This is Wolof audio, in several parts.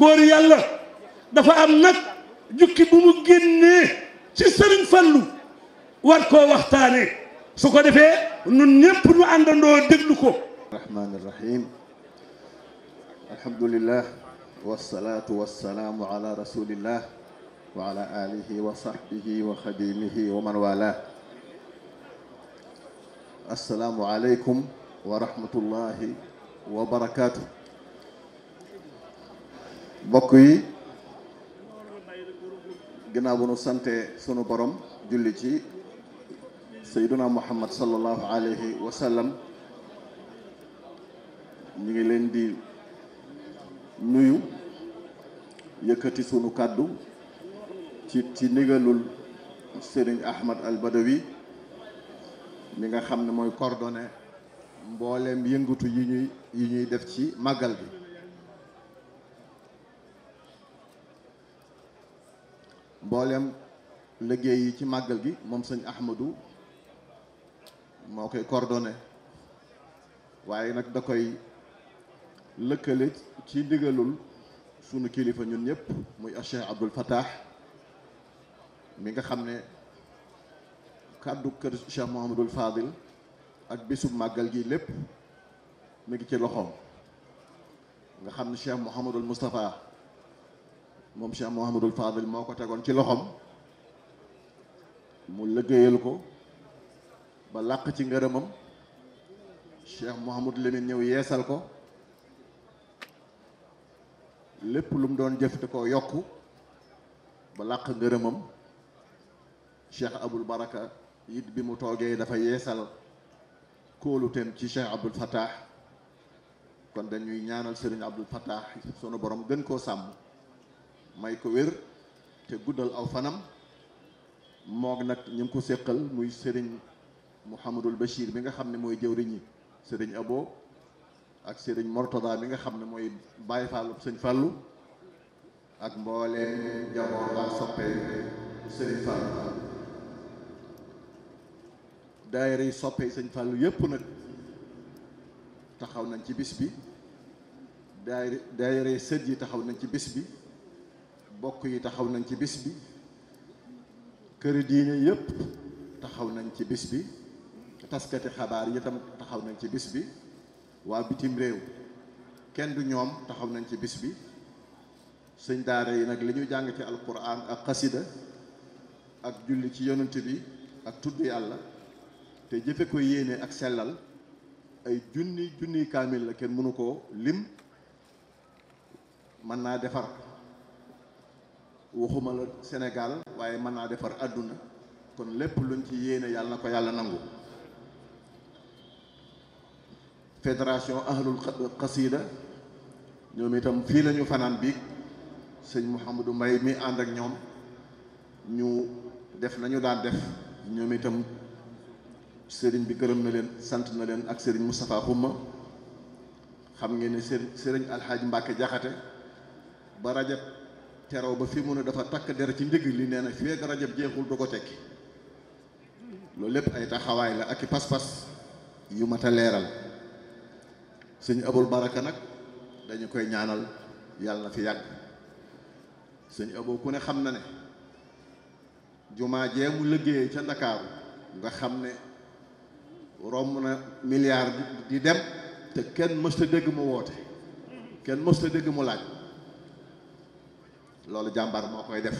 góor yàlla dafa am nag jukki bu mu génnee ci sëriñ fallu war koo waxtaane su ko defee nun ñëpp nu àndandoo déglu ko rahmaani rahim alhamdulillah wasalaatu wasalaamu ala rasulillah wa ala alihi wa sahbihi wa xadimihi wa man wala assalaamu aleykum wa rahmatullahi wa barakaatu mbokk yi ginnaaw bu nu sante sunu borom julli ci sayduna muhammad sallallahu alayhi wa sallam ñu ngi leen di nuyu yëkkati sunu kàddu ci ci ndigalul Serigne Ahmad Al Badawi mi nga xam ne mooy coordonné mbooleem yëngatu yi ñuy def ci màggal bi mbooleem liggéey yi ci màggal gi moom sëñ Ahmadou moo koy coordonné waaye nag da koy lëkkale ci ndigalul sunu kilifa ñun ñëpp muy Cheikh Abdoul Fattah mi nga xam ne kàddu kër Cheikh Mouhamadul Fadil ak bisub màggal gii lépp mu ngi ci loxoom nga xam ne Cheikh Mouhamadul mustafa moom Cheikh Mouhamadul Fadil moo ko tegoon ci loxoom mu liggéeyal ko ba làq ci ngërëmam Cheikh Mouhamadul Lamine ñëw yeesal ko lépp lu mu doon jëf koo yokku ba làq ngërëmam cheikh abul baraka yit bi mu toogee dafa yeesal kóoluteem ci cheikh abdul fatah kon dañuy ñaanal sëriñ abdul fatah sunu borom gën koo sàmm may ko wér te guddal aw fanam moog nag ñu ko séqal muy sëriñ mu mouhamadul bachir bi nga xam ne mooy jëwriñi sëriñ abo ak sëriñ Mortada mi nga xam ne mooy Baye Fallou sëñ fàllu ak mbooleem njaboot ak soppe sëriñ Fallou daayira yi soppe sëñ Fallou yëpp nag taxaw nañ ci bis bi daayira daayira yi sët yi taxaw nañ ci bis bi bokk yi taxaw nañ ci bis bi kër diine yëpp taxaw nañ ci bis bi taskati xabaar yi tam taxaw nañ ci bis bi waa bitim réew kenn du ñoom taxaw nañ ci bis bi sëñ daara yi nag li ñu jàng ci alquran ak xasida ak julli ci yonent bi ak tudd yàlla te jëfe ko yéene ak sellal ay junni junni kaamil la kenn mënu koo lim mën naa defar waxuma la Sénégal waaye mën naa defar àdduna kon lépp luñ ci yéene yàlla na ko yàlla nangu fédération ahlul xasida ñoom itam fii lañu fanaan biig sëñ mu Mouhamadou Mbaye mi ànd ak ñoom ñu def nañu daan def ñoom itam sëriñ bi gërëm na leen sant na leen ak sëriñ Moustapha Xumma xam ngeen ni sëriñ sëriñ Alxaaji Mbàkke Jaxate ba rajab teraw ba fi mu ne dafa takk der ci ndigg li nee na feeg rajab jeexul du ko tekki loolu lépp ay taxawaay la ak i pas-pas yu mat a leeral sëñ abul baraka nag dañu koy ñaanal yàlla na fi yàgg sëñ abul ku ne xam na ne jumaa jee mu liggéey ca ndakaaru nga xam ne romb na milliard di dem te kenn mësta dégg mu woote kenn mësta dégg mu laaj loolu jàmbaar moo koy def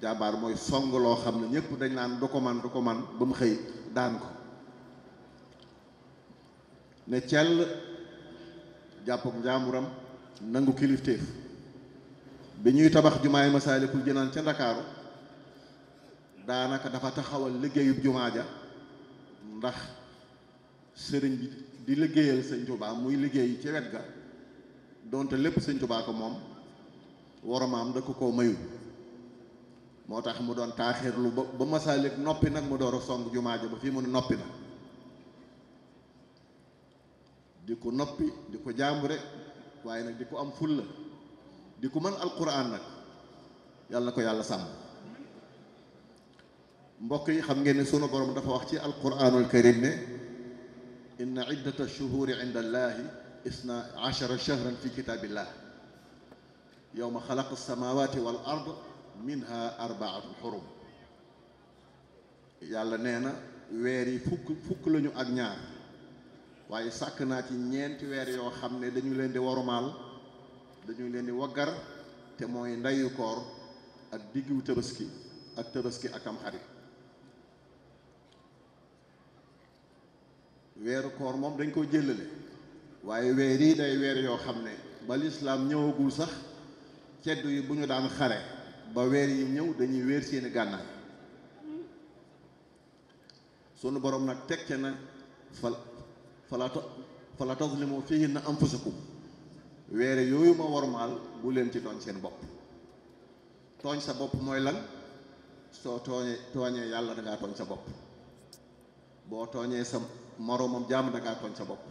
jàmbaar mooy song loo xam ne ñëpp dañ naan du ko man du ko man ba mu xëy daan ko ne cell jàpp ak njaamuram nangu kilifteef bi ñuy tabax jumaay Masaalikul Jinaan ca Ndakaaru daanaka dafa taxawal liggéeyub jumaa ja ndax sëriñ bi di liggéeyal sëñ Tuubaa muy liggéey ci wet ga donte lépp sëñ Tuubaa ko moom woromaam da ko koo mayu moo tax mu doon taaxirlu ba ba Masaalik noppi nag mu door a song jumaa ja ba fii mu ne noppi na di ko noppi di ko jaambure waaye nag di ko am fulla di ko mën alquran nag yàlla na ko yàlla sàmm mbokk yi xam ngeen ne sunu borom dafa wax ci alquranul karim ne inna iddata shuhuri inda allahi isna ashara shahran fi kitaabillah yowma xalaqa alsamawati wal ard minha xurum yàlla nee na fukk lañu ak ñaar waaye sàkk naa ci ñeenti weer yoo xam ne dañu leen di warumaal dañu leen di waggar te mooy ndeyu koor ak diggu tabaski ak tabaski ak am xarit weeru koor moom dañ ko jëlale waaye weer yi day weer yoo xam ne ba lislaam ñëwagul sax ceddu yi bu ñu daan xare ba weer yi ñëw dañuy weer seeni gànnaay sunu borom nag teg ca na fal fii fala am tazlimu fihinna anfusakum weere yooyu ma wormaal bu leen ci tooñ seen bopp tooñ sa bopp mooy lan soo tooñee tooñee yàlla dangaa tooñ sa bopp boo tooñee sa moroomam jaam dangaa tooñ sa bopp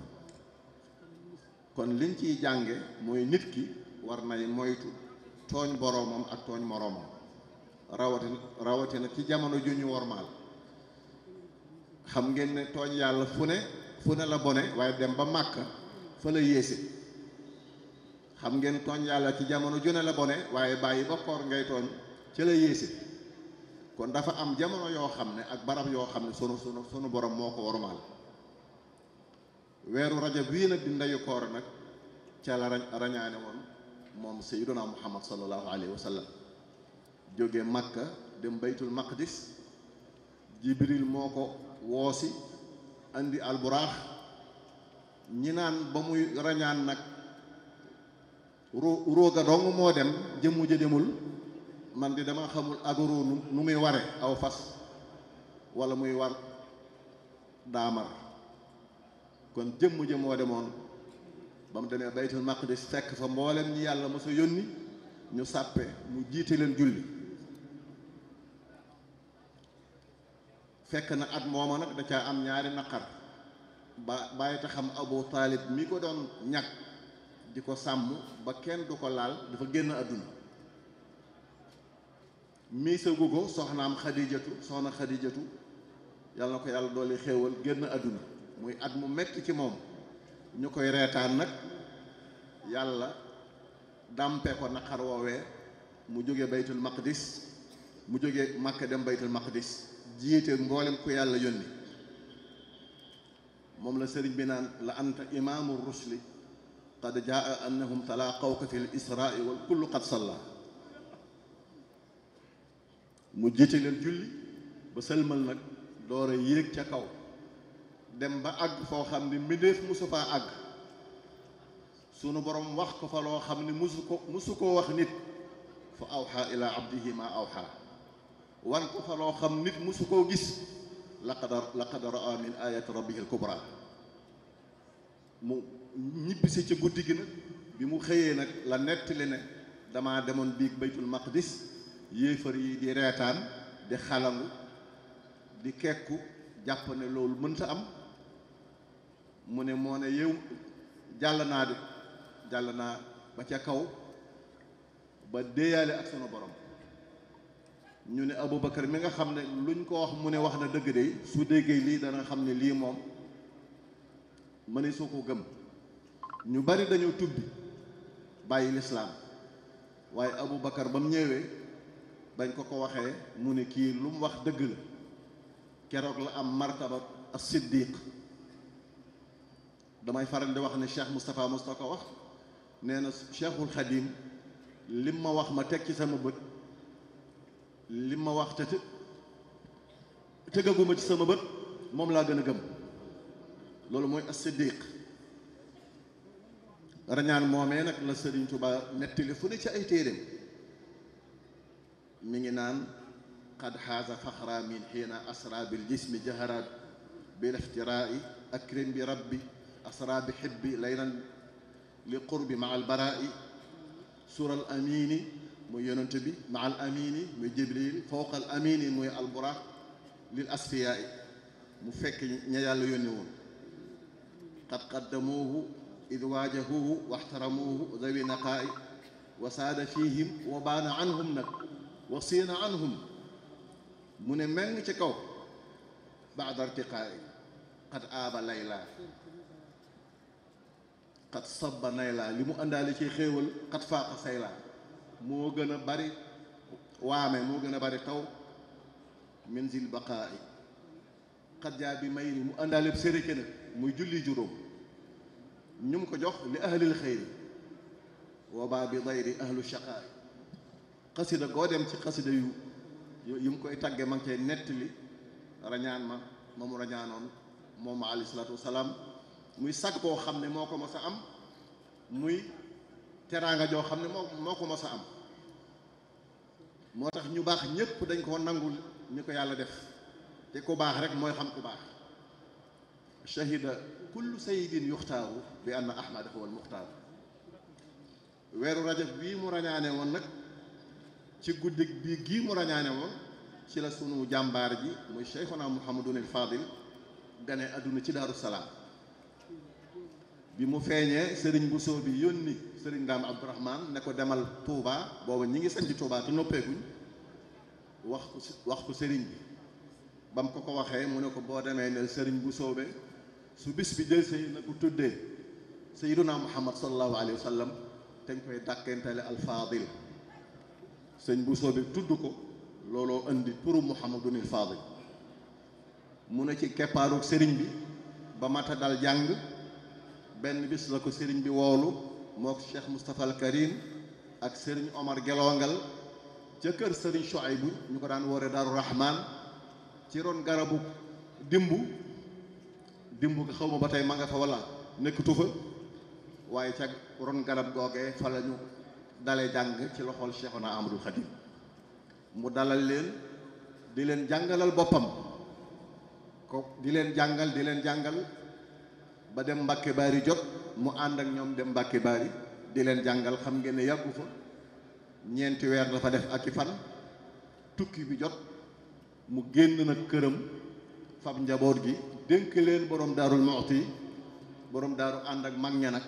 kon liñ ciy jànge mooy nit ki war nay moytu tooñ boroomam ak tooñ moroomam rawatina rawatina ci jamono ju ñu wormaal xam ngeen tooñ yàlla fu ne fu ne la bone waaye dem ba màkk fa la yéese xam ngeen tooñ yàlla ci jamono ju ne la bone waaye bàyyi ba koor ngay tooñ ca la yéese kon dafa am jamono yoo xam ne ak barab yoo xam ne sunu sunu sunu borom moo ko wormaal weeru rajab wii nag di ndeyu koor nag ca la rañaane woon moom sayyiduna muhammad sallallahu alayhi wa sallam jóge màkka dem baytul maqdis jibril moo ko woosi andi alburaax ñi naan ba muy rañaan nag róoga dong moo dem jëmmu ja demul man di dama xamul agro nu muy ware aw fas wala muy war daamar kon jëmm ja moo demoon ba mu demee baytul maqdis fekk fa mboolem ñi yàlla mosa yónni ñu sàppe mu jiite leen julli fekk na at mooma nag da caa am ñaari naqar ba bàyyi ta xam Abu Taalib mi ko doon ñag di ko sàmm ba kenn du ko laal dafa génn àdduna miisa gu ko soxnaam xadijatu soxna xadijatu yàlla na ko yàlla doole xéewal génn àdduna muy at mu metti ci moom ñu koy reetaan nag yàlla dàmpe ko naqar woowee mu jóge baytul maqdis mu jóge màkk dem baytul maqdis jiite mboolem ku yàlla yónni moom la sëriñ bi naan la anta imaamu rusli qad jaa annahum talaaqawka fi l israai qad salla mu jiite leen julli ba sëlmal nag doora yéeg ca kaw dem ba àgg foo xam ne mbindéef musu faa àgg sunu borom wax ko fa loo xam ne musu ko musu koo wax nit fa awxa ila abdihi ma awxa wan ko fa xam nit mësu koo gis laqad laqad raa min ayati rabbihil kubra mu ñibbisi ca guddi gi nag bi mu xëyee nag la nettali ne dama demoon biig baytul maqdis yéefar yi di reetaan di xalangu di kekku jàpp ne loolu mënta am mu ne moo ne yow jàll naa de jàll naa ba ca kaw ba déeyaale ak sunu borom ñu ne abu Aboubacar mi nga xam ne luñ ko wax mu ne wax na dëgg de su déggee lii dana xam ne lii moom mëne soo ko gëm ñu bari dañoo tubbi bàyyi lislaam waaye Aboubacar ba mu ñëwee bañ ko ko waxee mu ne kii lu mu wax dëgg la keroog la am martaba as-siddiq damay faral di wax ne Cheikh Moustapha Moustapha ko wax nee na Cheikhul Khadim lim ma wax ma teg ci sama bët li ma wax te tegaguma ci sama bët moom laa gën a gëm loolu mooy as-siddiq rañaan moomee nag la Sëriñ Tuubaa nettali fu ne ci ay téeréem mi ngi naan qad xaaza faxra min xiina asra bil jismi jahara bil iftirai akrim bi rabbi asra bi xibbi laylan li qurbi ma al sura amini muy yonent bi ma amini muy jibril fawqa amini muy alburaax lil asfiyaai mu fekk ña yàlla yónni woon qad qaddamuuhu id waajahuuhu waxtaramuuhu zawi naqaa'i wa saada fihim wa baana anhum nag wa siina anhum mu ne meng ci kaw baada irtiqaa'i qad aaba laylaa qad sabba naylaa li mu àndaale ci xéewal qad faaqa saylaa moo gën a bari waame moo gën a bari taw min zil baqaa'i xajjaa bi may mu àndaaleb sérike nag muy julli juróom ñu ngi ko jox li ahlil xayri wa bi bi dayri ahlu shaqaa'i xasida goo dem ci xasida yu yu mu koy tàgge ma ngi cay nettali rañaan ma ma mu rañaanoon moom ma alayhi salaatu wasalaam muy sag boo xam ne moo ko mos a am muy teraanga joo xam ne moo moo ko mos a am moo tax ñu baax ñépp dañ koo nangu ni ko yàlla def te ku baax rek mooy xam ku baax shahida kullu sayidin yuxtaaru bi anna ahmada huwa almuxtaar weeru rajab bii mu rañaane woon nag ci guddi bii gii mu rañaane woon ci la sunu jàmbaar ji muy cheikhuna muhammadun il fadil gane àdduna ci daaru salaam bi mu feeñee sëriñ bu soo bi yónni sëriñ Daam Abdourahman ne ko demal Touba booba ñi ngi sanc Touba te noppeeguñ wax wax sëriñ bi ba mu ko ko waxee mu ne ko boo demee ne sëriñ bu soobe su bis bi jël say na ko tuddee sayyiduna Muhammad sallallahu alayhi wa sallam te ñu koy dàkkentale alfaadil sëñ bu soobe tudd ko looloo indi pour turu Muhammadunil Faadil mu ne ci keppaaruk sëriñ bi ba mata dal jàng benn bis la ko sëriñ bi woolu mook Cheikh Moustapha al Karim ak Serigne Omar Gelongal ca kër Serigne Chouaïbou ñu ko daan woore Daaru Rahman ci ron garabu dimbu dimbu nga xaw ma ba tey ma nga fa wala nekkatu fa waaye ca ron garab googee fa la ñu dalee jàng ci loxol Cheikhuna Amadou Khadim mu dalal leen di leen jàngalal boppam ko di leen jàngal di leen jàngal ba dem Mbàkke Baari jot mu ànd ak ñoom dem Mbàkke Baari di leen jàngal xam ngeen ne yàggu fa ñeenti weer dafa def ak i fan tukki bi jot mu génn nag këram fab njaboot gi dénk leen borom daarul Muxti borom daaru ànd ak mag ña nag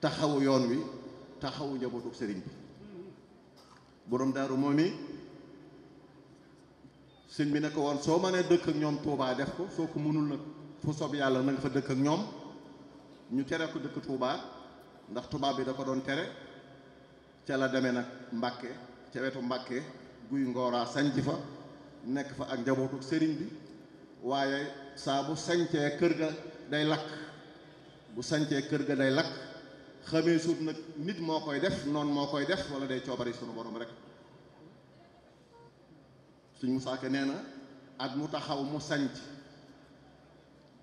taxawu yoon wi taxawu njabootu sëriñ bi daaru moom i sëñ bi ne ko woon soo mënee dëkk ak ñoom Tuubaa def ko soo ko mënul nag fu soob yàlla na nga fa dëkk ak ñoom ñu tere ko dëkk Touba ndax tubaab bi da ko doon tere ca la demee nag Mbàkke ca wetu Mbàkke guy ngooraa sañc fa nekk fa ak njabootu sëriñ bi waaye saa bu sancee kër ga day lakk bu sancee kër ga day lakk xamee suut nag nit moo koy def noon moo koy def wala day coobari sunu borom rek suñ mu saake nee na at mu taxaw mu sanc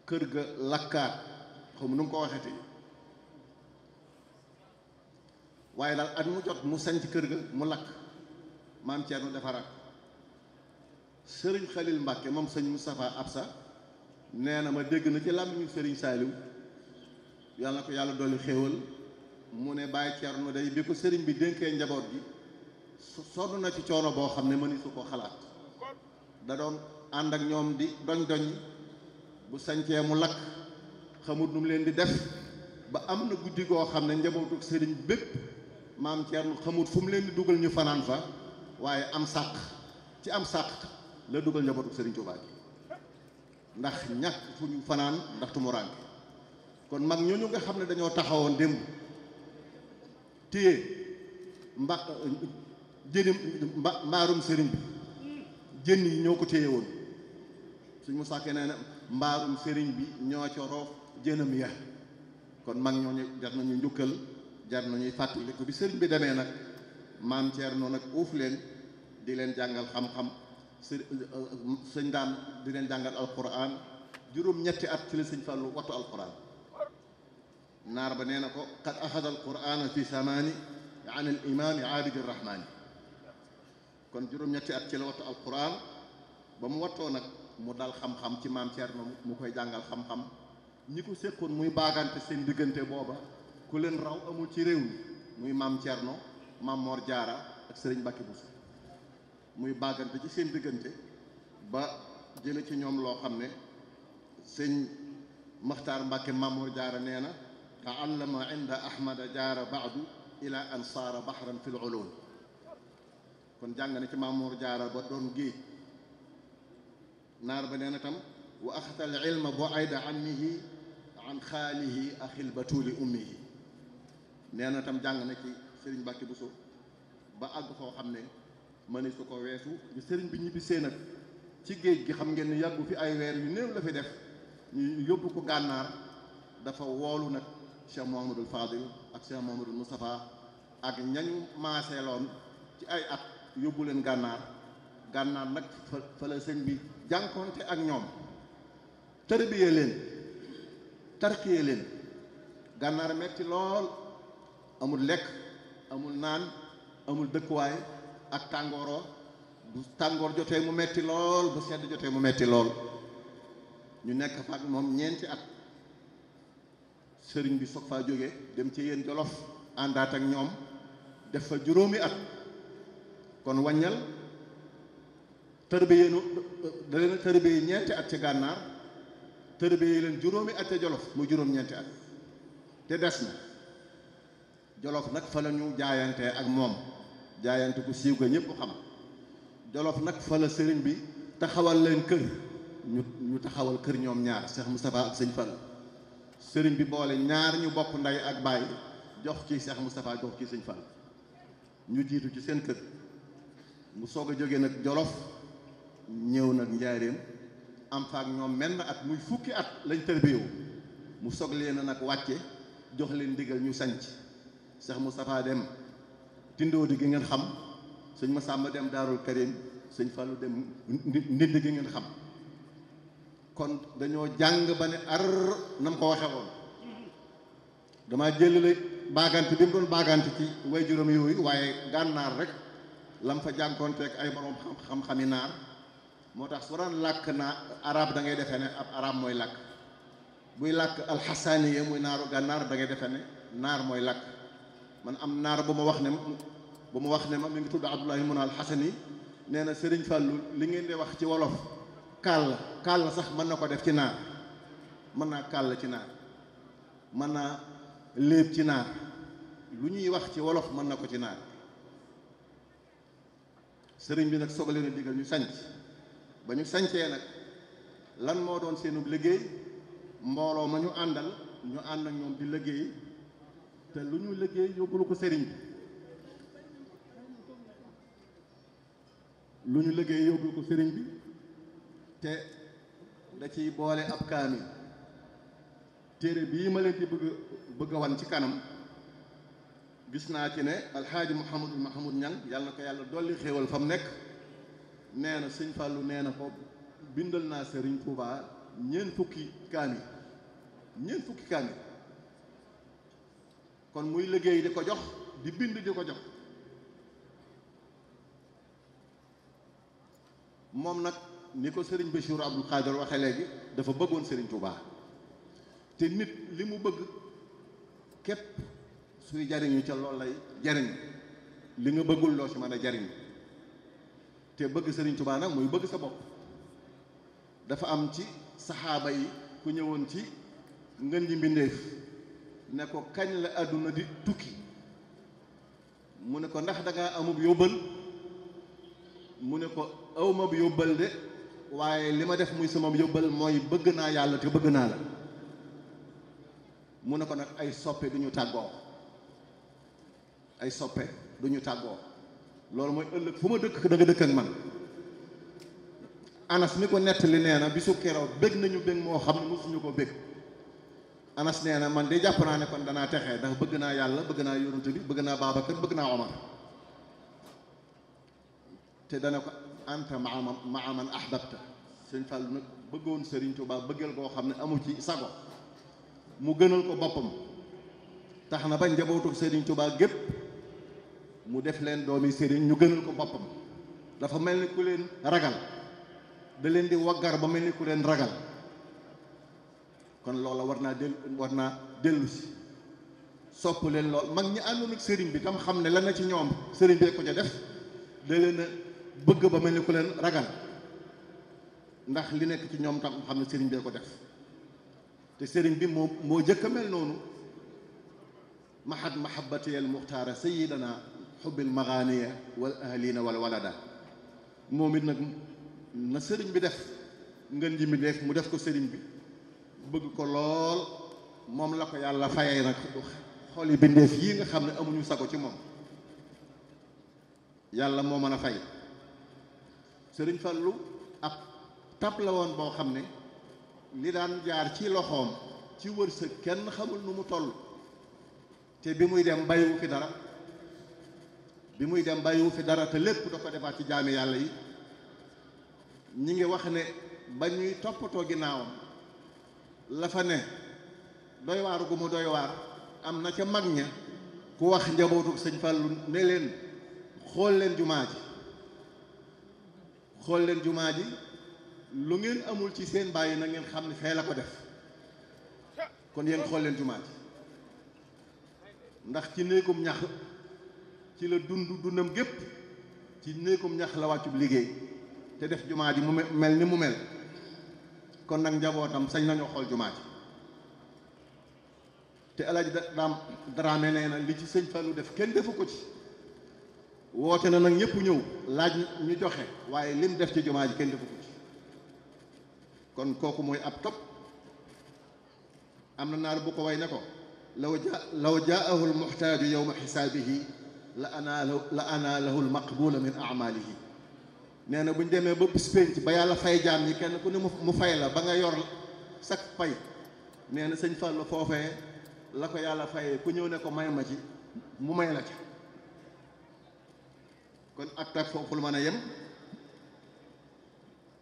kër ga lakkaat xaw ma nu mu ko waxeeti waaye daal at mu jot mu sanc kër ga mu lakk maam Thierno defaraat sëriñ xalil Mbàkke moom sëñ Moustapha Absa nee na ma dégg na ci làmmiñu sëriñ Saaliw yàlla na ko yàlla dolli xéewal mu ne Baye Thierno dey bi ko sëriñ bi dénkee njaboot gi sonn na ci coono boo xam ne mën mëni su ko xalaat da doon ànd ak ñoom di doñ doñ bu sañcee mu lakk xamut nu mu leen di def ba am na guddi goo xam ne njabootu sëriñ bépp maam Thierno xamut fu mu leen di dugal ñu fanaan fa waaye am sàq ci am sàq la dugal njabootu sëriñ Tuubaa gi ndax ñàkk fu ñu fanaan ndax tumuraanke kon mag ñooñu nga xam ne dañoo taxawoon démb téye mba mbaarum sëriñ bi jën yi ñoo ko téye woon suñ mu sàkkee nee na mbaarum sëriñ bi ñoo ca roof jënam ya kon mag ñooñu jar nañu njukkal jar nañuy fàttali ko bi sëriñ bi demee nag maam Thierno nag uuf leen di leen jàngal xam-xam sëñ daan di leen jàngal alquran juróom-ñetti at ci la sëñ Fallou wattu naar ba nee na ko qad axada alqurana fi samaani an al imaami aabidi rahmaani kon juróom-ñetti at ci la wattu alquran ba mu wattoo nag mu dal xam-xam ci maam Thierno mu koy jàngal xam-xam ñi ko séqoon muy baagante seen diggante booba ku leen raw amul ci réew mi muy maam Thierno maam Mor Diarra ak Serigne Bakki Bousso muy baagante ci seen diggante ba jële ci ñoom loo xam ne sëñ Makhtar Mbacke maam Mor Diarra nee na taallama inda ahmada jaara baadu ila an saara bahran fi l kon jàng na ci maam Mor ba doon géej naar ba nee na tam wa axtal ilma bu ayda ammihi an xaalihi axil batuuli ummihi nee na tam jàng na ci sëriñ bu Buso ba àgg foo xam ne mëni su ko weesu bi sëriñ bi ñibbisee nag ci géej gi xam ngeen ni yàggu fi ay weer yu néew la fi def ñu yóbbu ko gànnaar dafa woolu nag Cheikh Mouhamadul Fadil ak Cheikh Mouhamadul Moustapha ak ñañu maaseeloon ci ay at yóbbu leen gànnaar gànnaar nag fa fa bi jànkonte ak ñoom tarbiyee leen tarxiyee leen gànnaar metti lool amul lekk amul naan amul dëkkuwaay ak tàngooroo bu tàngoor jotee mu metti lool bu sedd jotee mu metti lool ñu nekk fa ak moom ñeenti at sëriñ bi soog faa jóge dem ci yéen jolof àndaat ak ñoom def fa juróomi at kon wàññal tërbiyeenu da leen tërëbe yi ñeenti at ci gànnaar tërëbe yi leen juróomi at ca jolof mu juróom-ñeenti at te des na jolof nag fa la jaayantee ak moom jaayante ku siiw ga ñëpp xam jolof nag fa la sëriñ bi taxawal leen kër ñu ñu taxawal kër ñoom ñaar Cheikh Moustapha ak sëñ Fall sëriñ bi boole ñaar ñu bokk ndey ak baay jox ci seex Moustapha jox ci sëñ Fall ñu jiitu ci seen kër mu soog a jóge nag jolof ñëw nag njaareem am faak ñoom menn at muy fukki at lañ tërbiyewu mu soog leen a nag wàcce jox leen ndigal ñu sanc Cheikh Moustapha dem tindoodi gi ngeen xam sëñ Massamba dem Daarul Karim sëñ falu dem ndind gi ngeen xam kon dañoo jàng ba ne ar nam ko waxee woon dama jël la baagante bi mu doon baagante ci way juróom yooyu waaye gànnaar rek lam fa jànkoonteek ay borom xam-xam naar moo tax soo làkk naa arab dangay ngay defee ne ab araab mooy làkk buy làkk alxasaaniya muy naaru gànnaar da ngay defee ne naar mooy làkk man am naar bu ma wax ne bu ma wax ne ma mi ngi tudd Abdoulahi mun alxasani nee na sëriñ Fallou li ngeen di wax ci wolof kàll kàll sax mën na ko def ci naar mën naa kàll ci naar mën naa léeb ci naar lu ñuy wax ci wolof mën na ko ci naar sëriñ bi nag soog leen a digal ñu sanc ba ñu sañcee nag lan moo doon seenu liggéey mbooloo ma ñu àndal ñu ànd ak ñoom di liggéey te lu ñu liggéey yóbbul ko sëriñ bi lu ñu liggéey yóbbul ko sëriñ bi te da ci boole ab kaamil téere bii ma leen di bëgg bëgg wan ci kanam gis naa ci ne alxaaji Mouhamadul Mahamoud ñan yàlla na ko yàlla dolli xéewal fa mu nekk nee na sëñ Fallou nee na ko bindal naa Serigne Touba ñeent fukki kaamil ñeent fukki kaamil kon muy liggéey di ko jox di bind di ko jox moom nag ni ko sëriñ Bassirou Abdou Khadre waxe léegi dafa bëggoon Serigne Touba te nit li mu bëgg képp suy jariñu ca loolu lay jariñ li nga bëggul loo ci mën a jariñ te bëgg Sëriñ Tuubaa nag muy bëgg sa bopp dafa am ci saxaaba yi ku ñëwoon ci ngën ji mbindéef ne ko kañ la àdduna di tukki mu ne ko ndax dangaa amub yóbbal mu ne ko aw awmab yóbbal de waaye li ma def muy sama yóbbal mooy bëgg naa yàlla te bëgg naa la mu ne ko nag ay soppe du ñu tàggoo ay soppe du ñu tàggoo loolu mooy ëllëg fu ma dëkk da nga dëkk ak man anas mi ko nettali nee na bisu keroog bég nañu bég moo xam ne mosuñu ko bég anas nee na man de jàpp naa ne kon danaa texee ndax bëgg naa yàlla bëgg naa yonent bi bëgg naa Babacar bëgg naa Omar te dana ko anta maa maa man ahbabta sëñ Fall nag bëggoon Sëriñ Tuubaa bëggal koo xam ne amu ci sago mu gënal ko boppam tax na ba njabootu Sëriñ Tuubaa gépp mu def leen doomi sëriñ ñu gënal ko boppam dafa mel ni ku leen ragal da leen di waggar ba mel ni ku leen ragal kon loola war naa del war naa dellu sopp leen lool mag ñi àndoon sëriñ bi tam xam ne la na ci ñoom sëriñ ko ca def da bëgg ba mel ni ku leen ragal ndax li nekk ci ñoom tax xam sëriñ bee ko def te sëriñ bi moo moo jëkk a mel noonu mahad mahabatiyel muxtaara sayidana xubbil maxaaniya wal ahlina wal walada moom it nag na sëriñ bi def ngeen ji mi def mu def ko sëriñ bi bëgg ko lool moom la ko yàlla fayee nag xool yi bindeef yii nga xam ne amuñu sago ci moom yàlla moo mën a fay sëriñ Fallu ab tab la woon boo xam ne li daan jaar ci loxoom ci wërsëg kenn xamul nu mu toll te bi muy dem bàyyiwu fi dara bi muy dem bàyyiwu fi dara te lépp da ko defaat ci jaami yàlla yi ñi ngi wax ne ba ñuy toppatoo ginnaawam la fa ne doy waar gu mu doy am na ca mag ña ku wax njabootu sëñ Fallou ne leen xool leen jumaa ji xool leen jumaa ji lu ngeen amul ci seen bàyyi na ngeen xam ne fee la ko def kon yéen xool leen jumaa ji ndax ci néegum ñax ci la dund dundam gépp ci néegum ñax la wàccub liggéey te def jumaa ji mu mel ni mu mel kon nag njabootam sañ nañoo xool jumaa ji te alaaji daam daraame nee na li ci sëñ lu def kenn defu ko ci woote na nag ñëpp ñëw laaj ñu joxe waaye lim def ci jumaa ji kenn defu ko ci kon kooku mooy ab topp am na naar bu ko way ne ko law jaa law jaa'ahu almuxtaaju yowma xisaabihi la anaalahu la anaalahu l maqbula min amalihi nee na bu ñu demee ba bis ba yàlla fay jaam ñi kenn ku ne mu fay la ba nga yor sak fay nee na sëñ Fallou foofee la ko yàlla fay ku ñëw ne ko may ma ci mu may la ci kon attaque foofu lu mën a yem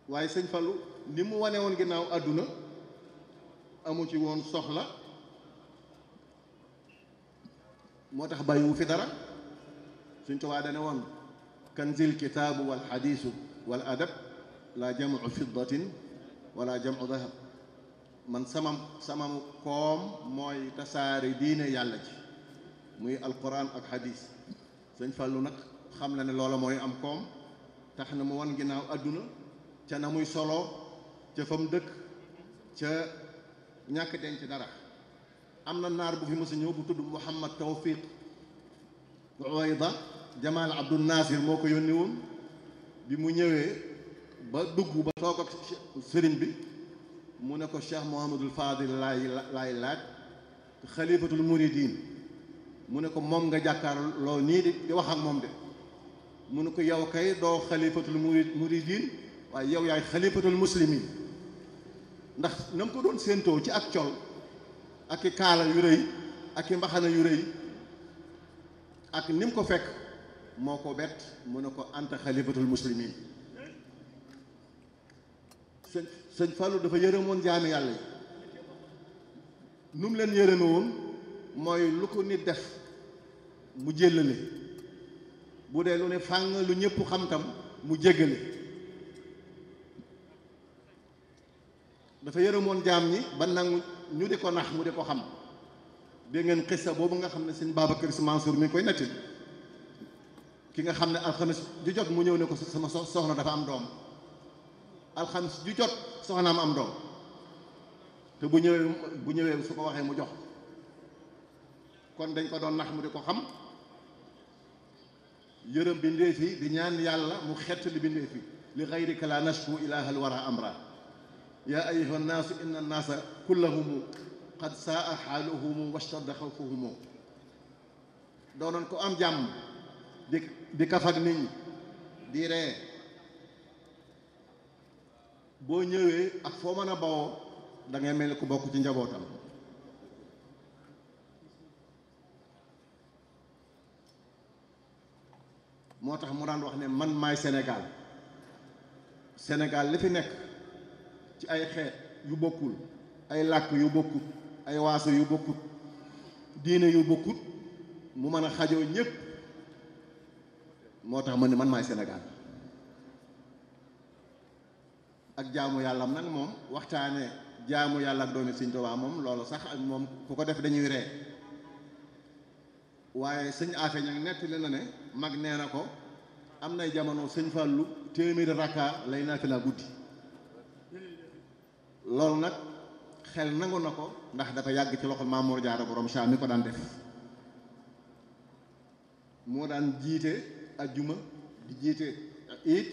waaye sëñ Fallou ni mu wane woon ginnaaw àdduna amu ci woon soxla moo tax bàyyiwu fi dara suñ tubaa dane woon kanzil kitaabu wal xadiisu wal adab laa jamcu fiddatin walaa jamcu dahab man samam samam koom mooy tasaare diine yàlla ci muy alquran ak xadiis sëñ Fallou nag xam na ne loola mooy am koom tax na mu wan ginnaaw àdduna ca na muy soloo ca fa dëkk ca ñàkk ci dara am na naar bu fi mësa ñëw bu tudd Muhammad Tawfiq Uwayda Jamal Abdul Nasir moo ko yónni woon bi mu ñëwee ba dugg ba toog ak sëriñ bi mu ne ko Cheikh Mouhamadul Fadil laay laay laaj xalifatul muridin mu ne ko moom nga jàkkaar loo nii di di wax ak moom de mu ne ko yow kay doo xalifatul murid muridin waaye yow yaay xalifatul muslimin ndax na mu ko doon séentoo ci ak col ak i kaala yu rëy ak i mbaxana yu rëy ak ni mu ko fekk moo ko bett mu ne ko anta xalifatul muslimin sëñ sëñ Fallou dafa yërëmoon jaami yàlla yi nu mu leen yërëme woon mooy lu ko nit def mu jéllale bu dee lu ne fàng lu ñëpp xam tam mu jéggale dafa yërëmoon jaam ñi ba nangu ñu di ko nax mu di ko xam dégg ngeen xissa boobu nga xam ne sëñ Babacar Si Mansour mi koy nettali ki nga xam ne alxames ju jot mu ñëw ne ko sama soxna dafa am doom alxames ju jot soxnaam am doom te bu ñëwee bu ñëwee su ko waxee mu jox kon dañ ko doon nax mu di ko xam yërëm bindeef yi di ñaan yàlla mu xet li bindeef li gayrika la nashku ilaha alwara amra yaa ayuha nnaasu inna nnaasa kullahumu qad saa xaaluhumu wastadda xawfuhumu doonoon ko am jàmm di di kaf ak di ree boo ñëwee ak foo mën a bawoo dangay mel ni ku bokk ci njabootam moo tax mu daan wax ne man may Sénégal Sénégal li fi nekk ci ay xeet yu bokkul ay làkk yu bokkut ay waaso yu bokkut diine yu bokkut mu mën a xajoo ñépp moo tax ma ne man may Sénégal ak jaamu yàlla nag moom waxtaane jaamu yàlla ak doomi Sëñ Tuubaa moom loolu sax ak moom ku ko def dañuy ree waaye sëñ Afe ña nettali na ne mag nee na ko am nay jamono sëñ Fallu téeméeri rakka lay naafila guddi loolu nag xel nangu na ko ndax dafa yàgg ci loxol Maamoor Jaara boroom saa mi ko daan def moo daan jiite ajjuma di jiite iit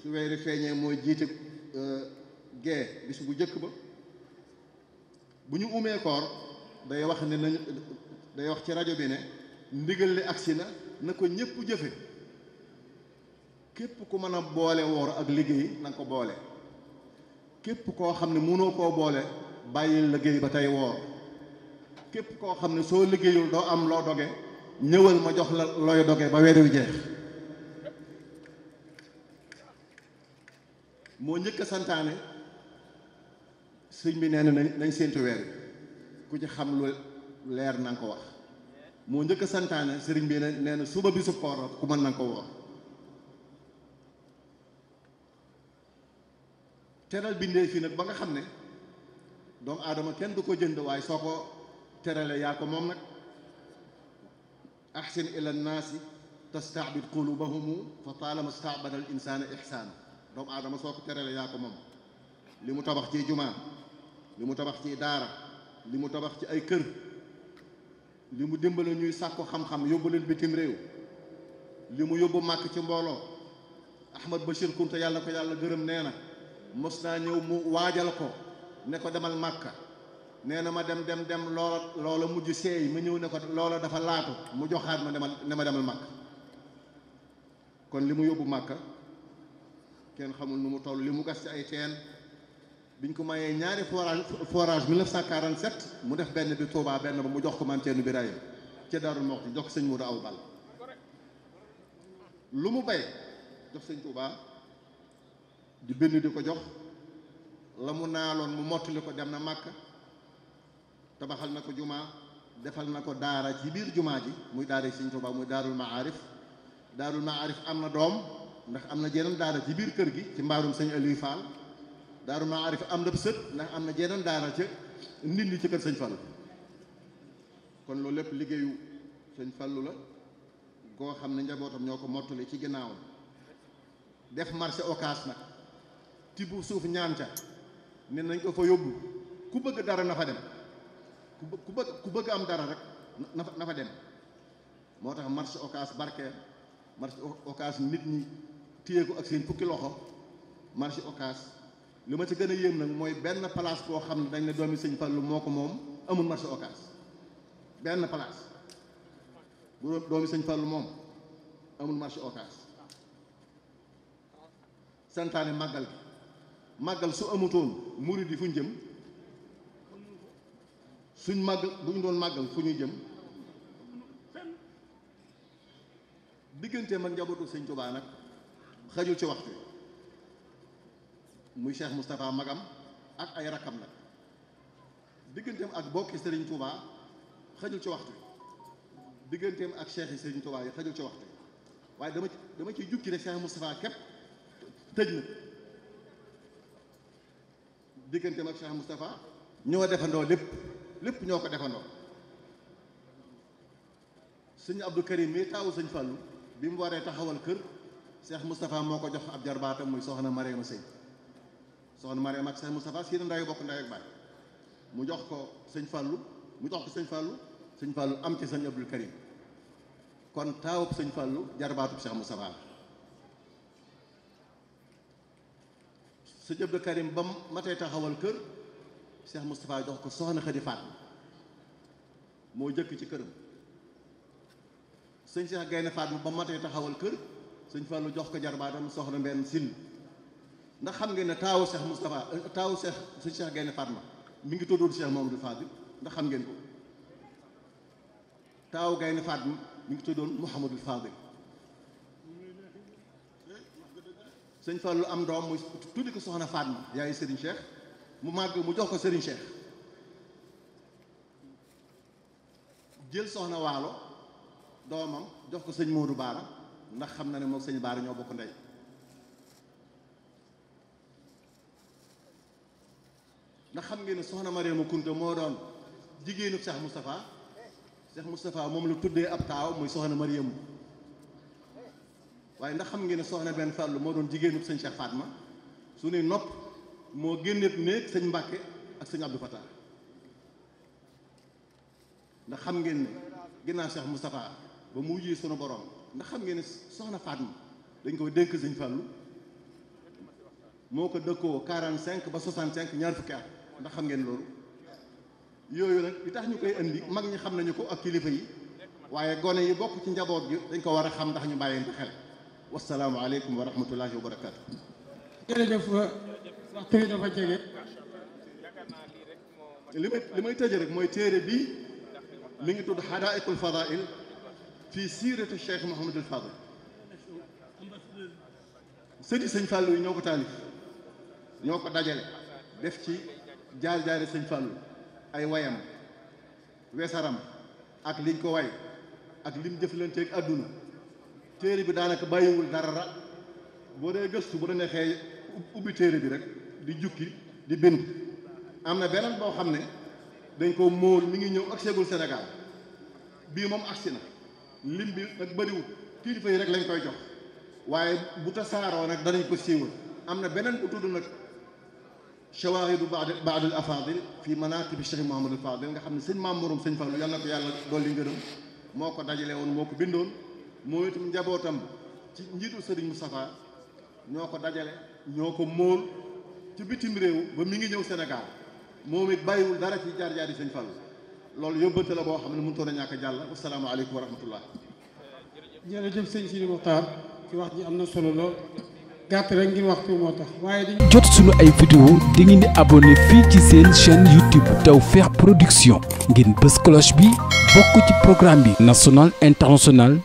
su weeri feeñee mooy jiite euh, gee bis bu jëkk ba bu ñu umee koor day wax ne nañu day wax ci rajo bi ne ndigal li agsi na na ko ñëpp jëfe képp ku mën a boole woor ak liggéey na ko boole képp koo xam ne mënoo koo boole bàyyil liggéey ba tey woor képp koo xam ne soo liggéeyul doo am loo doge ñëwal ma jox la looy doge ba weer wi jeex moo njëkk a santaane sëñ bi neenu na nañ séentu weer ku ci xam lu leer na ko wax moo njëkk santaane sëriñ bi nee na suba bisu koor ku mën na ko wax teral bindee fii nag ba nga xam ne doomu aadama kenn du ko jënd waaye soo ko terale yaa ko moom nag ahsin ila nnaasi tastaabid qulubahumu fa taalama staabada al insaana ihsaana doomu adama soo ko terale yaa ko moom li mu tabax ci jumaa li mu tabax ci daara li mu tabax ci ay kër li mu dimbale ñuy sàkku xam-xam yóbbu leen bitim réew li mu yóbbu màkk ci mbooloo Ahmad Bachir Kounta yàlla ko yàlla gërëm nee na mos naa ñëw mu waajal ko ne ko demal màkka nee na ma dem dem dem loola loola mujj seey mu ñëw ne ko loola dafa laatu mu joxaat ma demal ne ma demal màkk kon li mu yóbbu màkka kenn xamul nu mu toll li mu gas ci ay teen biñ ko mayee ñaari forage forage 1947 mu def benn bi Touba benn ba mu jox ko maam Ceerno Birahim ci Daaru Muxti jox ko sëñ Moodu Awa Balla lu mu bay jox sëñ Touba di bind di ko jox la mu naaloon mu mottali ko dem na Màkka tabaxal na ko jumaa defal na ko daara ci biir jumaa ji muy daara sëñ Touba muy daarul maarif daarul maarif am na doom ndax am na jeneen daara ci biir kër gi ci mbaarum sëñ Aliou Fall daaru Maarif am na sët ndax am na jeneen daara ca nit ñi ci kër sëñ Fallu kon loolu lépp liggéeyu sëñ Fallu la koo xam ne njabootam ñoo ko mottali ci ginnaawam def marché occas nag tibu suuf ñaan ca ne nañ ko fa yóbbu ku bëgg dara na fa dem ku bëgg ku bëgg am dara rek na fa na fa dem moo tax marché occas barkeel marché occas nit ñi téye ko ak seen fukki loxo marché Ocass li ma ci gën a yéem nag mooy benn place boo xam ne dañ ne doomi sëñ Fallu moo ko moom amul marché Ocass benn place bu moom amul marché Ocass màggal gi màggal su amutoon murid di fu ñu jëm suñ màgg bu ñu doon màggal fu ñu jëm digganteem ak njabootu sëñ Tuubaa nag xajul ci waxtu muy Cheikh Moustapha magam ak ay rakkam nag digganteem ak bokki Serigne Touba xajul ci waxtu digganteem ak Cheikh yi Serigne Touba yi xajul ci waxtu waaye dama dama ciy jukki ne Cheikh Moustapha képp tëj na digganteem ak Cheikh Moustapha ñoo defandoo lépp lépp ñoo ko defandoo sëñ Abdou Karim mi taawu sëñ Fallou bi mu waree taxawal kër Cheikh Moustapha moo ko jox ab jarbaatam muy soxna Mariama Sëy soxna Mariama ak Cheikh Moustapha si na ndayu bokk nday ak baay mu jox ko sëñ Fallou mu jox ko sëñ Fallou sëñ Fallou am ci sëñ Abdul Karim kon taawub sëñ Fallou jarbaatub Cheikh Moustapha la sëñ ba matee taxawal kër Cheikh Moustapha jox ko soxna Xadi Fatma moo jëkk ci këram sëñ Cheikh Gaynde Fatma ba matee taxawal kër sëñ Fallou jox ko jarbaatam soxna mbenn sil ndax xam ngeen ne taawu Cheikh Moustapha euh, taawu Cheikh sëñ Cheikh Gaynde Fatma mi ngi tuddoon Cheikh Mamadou Fadil ndax xam ngeen ko taawu Gaynde Fatma mi ngi tuddoon Mouhamadou Fadil sëñ Fallou am doom mu tuddi ko soxna Fatma yaay Serigne Cheikh mu màgg mu jox ko Serigne Cheikh jël soxna waalo doomam jox ko sëñ moodu Baara ndax xam na ne moom sëñ Baara ñoo bokk ndey ndax xam ngeen ne soxna Mariama Kunta moo doon jigéenu Cheikh Moustapha Cheikh Moustapha moom lu tuddee ab taaw muy soxna Mariama waaye ndax xam ngeen ne soxna benn fàllu moo doon jigéenu sëñ Cheikh Fatma su ne nopp moo génneet néeg sëñ Mbàkke ak sëñ Abdou Fatah ndax xam ngeen ne ginnaaw Cheikh Moustapha ba mu wujjee sunu borom ndax xam ngeen ne soxna Faatma dañ koy dénk sëñ Fàllu moo ko dëkkoo 45 ba 65 ñaar fukki at ndax xam ngeen loolu yooyu nag li tax ñu koy indi mag ñi xam nañu ko ak kilifa yi waaye gone yi bokk ci njaboot gi dañ ko war a xam ndax ñu bàyyi xel wasalaamualeykum wa rahmatullahi wa barakaatu. jërëjëf waxtu wi dafa jege. li may li rek mooy téere bi li ngi tudd Hadaaiqul Fadaa'il. fii siiratu Cheikh Mouhamadul Fadl sëti sëñ Fallou yi ñoo ko taalif ñoo ko dajale def ci jaar-jaare sëñ Fallou ay wayam weesaram ak liñ ko way ak lim jëflanteeg àdduna téere bi daanaka bàyyiwul dara boo dee gëstu bu la neexee ubbi téere bi rek di jukki di bind am na beneen boo xam ne dañ ko móol mi ngi ñëw agseegul Sénégal bii moom agsi na lim bi ak bëriwut kilifa yi rek lañ koy jox waaye bu tasaaroo nag danañ ko siiwal am na beneen bu tudd nag chawahidu bad baadul afadil fi manaqibi cheikh Mouhamadul Fadil nga xam ne sëñ maam morom sëñ Fallu yàlla na ko yàlla dolli ngërëm moo ko dajale woon moo ko bindoon moo itam njabootam ci njiitu sëriñ Moustapha ñoo ko dajale ñoo ko móol ci bitim réew ba mi ngi ñëw Sénégal moom it bàyyiwul dara ci jaar-jaari sëñ Fallu loolu yóbbante la boo xam ne mënutoon a ñàkk a jàll asalaamaaleykum wa rahmatullah jërëjëf sëñ ci wax ji am na solo lool gàtt rek ngir waxtu moo tax waaye dañ jot suñu ay vidéo di ngeen di abonné fii ci seen chaîne YouTube Tawfekh Production ngeen bës cloche bi bokk ci programme bi national international